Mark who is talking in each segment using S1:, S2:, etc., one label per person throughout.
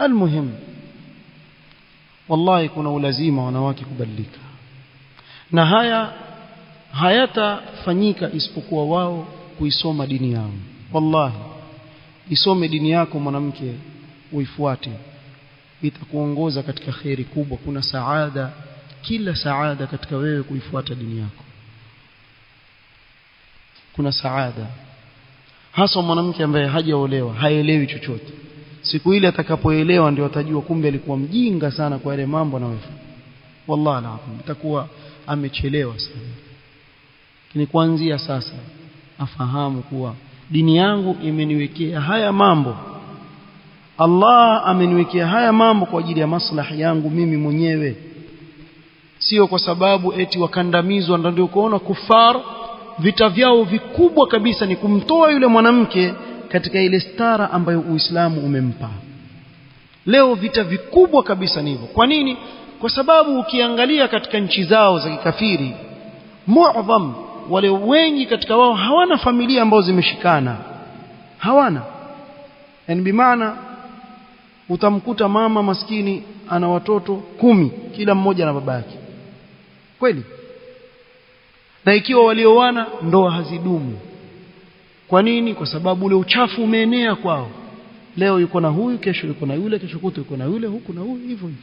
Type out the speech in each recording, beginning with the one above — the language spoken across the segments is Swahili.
S1: المهم wallahi kuna ulazima wanawake kubadilika na haya hayatafanyika isipokuwa wao kuisoma dini yao wallahi isome dini yako mwanamke uifuate itakuongoza katika kheri kubwa kuna saada kila saada katika wewe kuifuata dini yako kuna saada hasa mwanamke ambaye hajaolewa haelewi chochote siku ile atakapoelewa ndio atajua kumbe alikuwa mjinga sana kwa yale mambo anayofanya wallahi alazim itakuwa amechelewa sana lakini kuanzia sasa afahamu kuwa dini yangu imeniwekea haya mambo Allah ameniwekea haya mambo kwa ajili ya maslahi yangu mimi mwenyewe sio kwa sababu eti wakandamizwa ndio kuona kufar vita vyao vikubwa kabisa ni kumtoa yule mwanamke katika ile stara ambayo Uislamu umempa leo vita vikubwa kabisa ni hivyo kwa nini kwa sababu ukiangalia katika nchi zao za kikafiri muadham wale wengi katika wao hawana familia ambazo zimeshikana hawana yani bimaana utamkuta mama maskini ana watoto kumi kila mmoja na baba yake kweli na ikiwa walioana ndoa hazidumu kwa nini kwa sababu ule uchafu umeenea kwao leo yuko na huyu kesho yuko na yule kesho kuto yuko na yule huku na huyu hivyo hivyo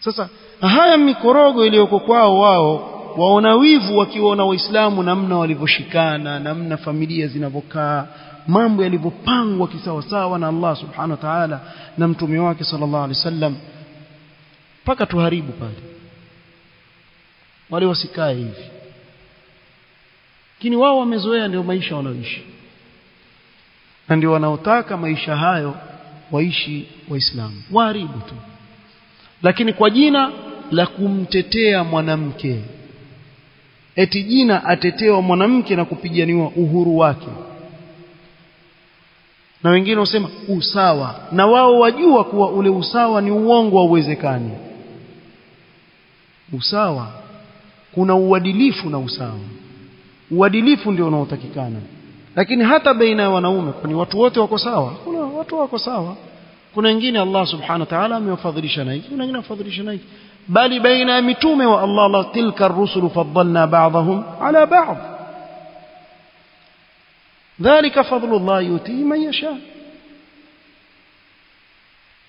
S1: sasa haya mikorogo iliyoko kwao wao waona wivu wakiwaona waislamu namna walivyoshikana namna familia zinavyokaa mambo yalivyopangwa kisawasawa na Allah subhanahu wa ta'ala na mtume wake sallallahu alaihi wasallam mpaka tuharibu pale wale wasikae hivi lakini wao wamezoea, ndio maisha wanaoishi, na ndio wanaotaka maisha hayo waishi Waislamu, waharibu tu, lakini kwa jina la kumtetea mwanamke, eti jina atetewa mwanamke na kupiganiwa uhuru wake, na wengine wasema usawa, na wao wajua kuwa ule usawa ni uongo wa uwezekani. Usawa kuna uadilifu na usawa uadilifu ndio unaotakikana lakini hata baina ya wanaume kwani watu wote wako sawa kuna watu wako sawa kuna wengine Allah subhanahu wa ta'ala amewafadhilisha na hiki kuna wengine amefadhilisha na hiki bali baina ya mitume wa Allah la tilka ar rusul faddalna ba'dhum ala ba'd dhalika fadlu Allah yuti man yasha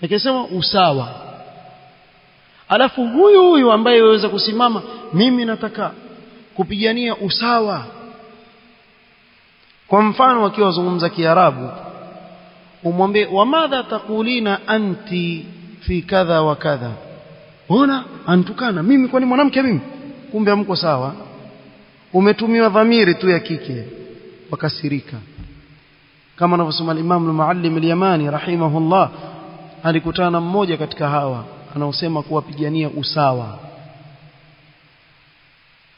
S1: nikisema usawa alafu huyu huyu ambaye yaweza kusimama mimi nataka kupigania usawa kwa mfano akiwa zungumza kiarabu umwambie wamadha taqulina anti fi kadha wa kadha ona antukana mimi kwani mwanamke mimi kumbe amko sawa umetumiwa dhamiri tu ya kike wakasirika kama anavyosema limamu imam al-Muallim al-Yamani rahimahullah alikutana mmoja katika hawa anaosema kuwapigania usawa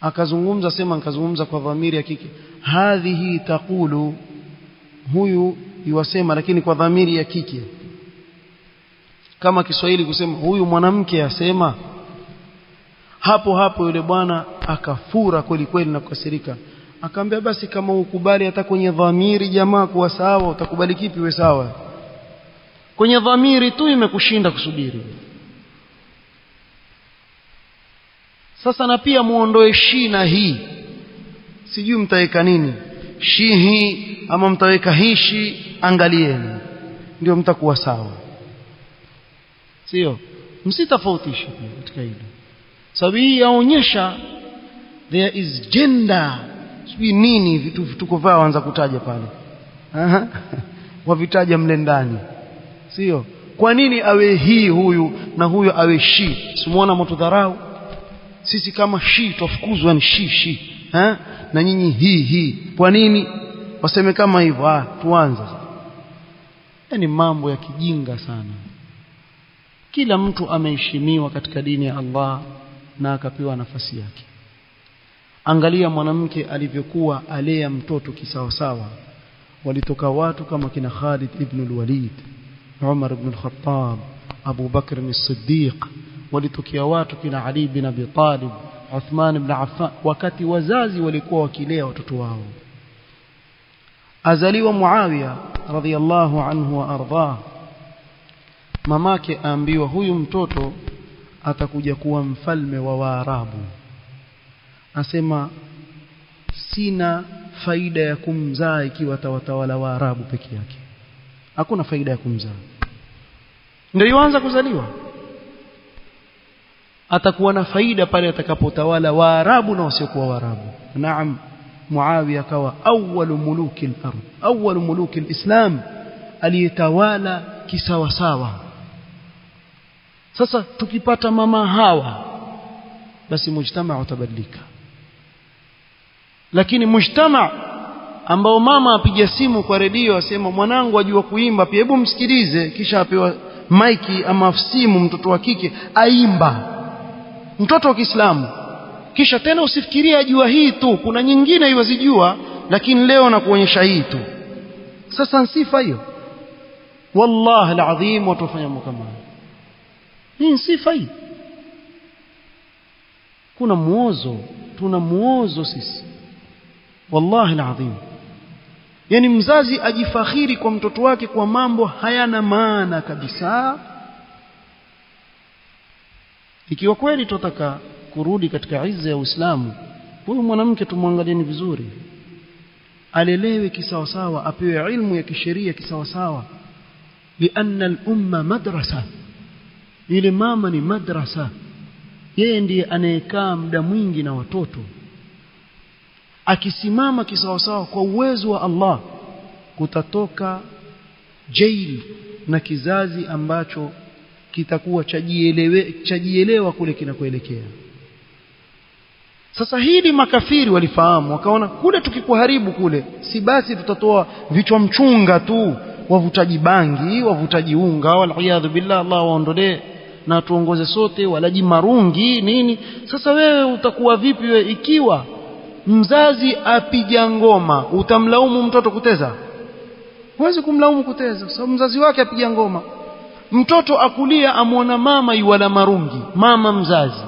S1: akazungumza sema nikazungumza kwa dhamiri ya kike hadhihi taqulu huyu iwasema lakini kwa dhamiri ya kike kama Kiswahili kusema huyu mwanamke asema hapo hapo yule bwana akafura kweli kweli na kukasirika akaambia basi kama ukubali hata kwenye dhamiri jamaa kuwa sawa utakubali kipi we sawa kwenye dhamiri tu imekushinda kusubiri sasa na pia muondoe shina na hii sijui mtaweka nini shihi ama mtaweka hishi angalieni ndio mtakuwa sawa sio msitofautishe katika hilo sababu hii yaonyesha there is gender sijui nini vitu vituko vyao anza kutaja pale wavitaja mle ndani sio kwa nini awe hii huyu na huyo awe shi simuona dharau sisi kama shi twafukuzwa ni shi shi ha? na nyinyi hii hii kwa nini waseme kama hivyo ah tuanze yani mambo ya kijinga sana kila mtu ameheshimiwa katika dini ya Allah na akapewa nafasi yake angalia mwanamke alivyokuwa alea mtoto kisawasawa walitoka watu kama kina Khalid ibn al-Walid Umar ibn al-Khattab Abu Bakr as-Siddiq walitokea watu kina Ali bin Abi Talib, Uthman bin Affan, wakati wazazi walikuwa wakilea watoto wao. Azaliwa Muawiya radhiyallahu anhu wa ardhah, mamake aambiwa huyu mtoto atakuja kuwa mfalme wa Waarabu. Asema sina faida ya kumzaa ikiwa atawatawala Waarabu peke yake, hakuna faida ya kumzaa. Ndio yuanza kuzaliwa atakuwa na faida pale atakapotawala waarabu na wasiokuwa waarabu naam muawiya akawa awwalu muluki al-ard awwalu muluki al-islam aliyetawala kisawasawa sasa tukipata mama hawa basi mujtama utabadilika lakini mujtama ambao mama apiga simu kwa redio asema mwanangu ajua kuimba pia hebu msikilize kisha apewa maiki ama simu mtoto wa kike aimba mtoto wa Kiislamu kisha tena usifikirie ajua hii tu kuna nyingine iwazijua lakini leo nakuonyesha hii tu sasa sifa hiyo wallahi alazim watu wafanya mambo kama hii sifa hii kuna muozo tuna muozo sisi wallahi alazim yani mzazi ajifakhiri kwa mtoto wake kwa mambo hayana maana kabisa ikiwa kweli tutataka kurudi katika izza ya Uislamu huyu mwanamke tumwangalieni vizuri alelewe kisawasawa apewe ilmu ya kisheria kisawasawa lianna al-umma madrasa ile mama ni madrasa yeye ndiye anayekaa muda mwingi na watoto akisimama kisawasawa kwa uwezo wa Allah kutatoka jail na kizazi ambacho kitakuwa chajielewa kule kinakoelekea sasa hili makafiri walifahamu wakaona kule tukikuharibu kule si basi tutatoa vichwa mchunga tu wavutaji bangi wavutaji unga waliyadhu billah Allah waondolee na tuongoze sote walaji marungi nini sasa wewe utakuwa vipi wewe, ikiwa mzazi apiga ngoma utamlaumu mtoto kuteza huwezi kumlaumu kuteza kwa sababu mzazi wake apiga ngoma mtoto akulia amwona mama yuwala marungi mama mzazi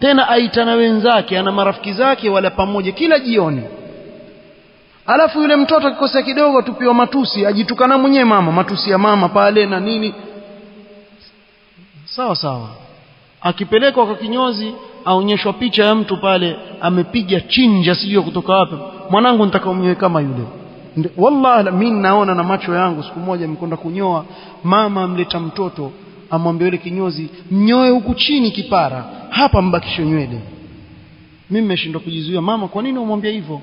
S1: tena aitana wenzake ana marafiki zake wala pamoja kila jioni alafu yule mtoto akikosea kidogo tupiwa matusi ajitukana mwenyewe mama matusi ya mama pale na nini sawa sawa akipelekwa kwa kinyozi aonyeshwa picha ya mtu pale amepiga chinja sijui kutoka wapi mwanangu nitakaomnyewe kama yule wallahi mi naona na macho yangu siku moja mkonda kunyoa mama amleta mtoto amwambia yule kinyozi mnyoe huku chini kipara hapa mbakisho nywele mimi nimeshindwa kujizuia mama kwa nini umwambia hivyo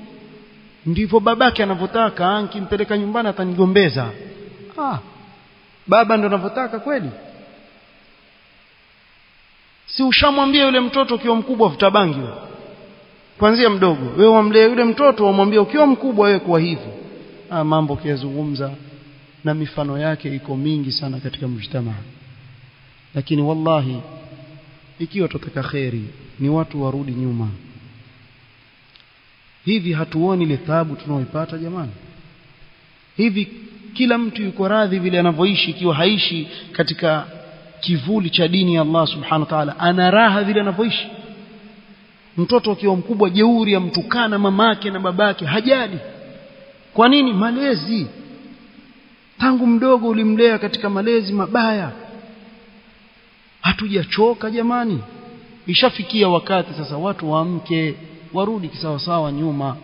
S1: ndivyo babake anavyotaka ankimpeleka nyumbani atanigombeza ah baba ndo anavyotaka kweli si ushamwambia yule mtoto ukiwa mkubwa vuta kwanzia mdogo wewe wamlee yule mtoto wamwambia ukiwa mkubwa wewe kuwa hivyo Ah, mambo kiyazungumza na mifano yake iko mingi sana katika mjtama lakini wallahi ikiwa tutaka kheri ni watu warudi nyuma hivi hatuoni ile taabu tunaoipata jamani hivi kila mtu yuko radhi vile anavyoishi ikiwa haishi katika kivuli cha dini ya Allah subhanahu wa ta'ala ana raha vile anavyoishi mtoto akiwa mkubwa jeuri amtukana mamake na babake hajali kwa nini malezi tangu mdogo ulimlea katika malezi mabaya hatujachoka jamani ishafikia wakati sasa watu waamke warudi kisawasawa nyuma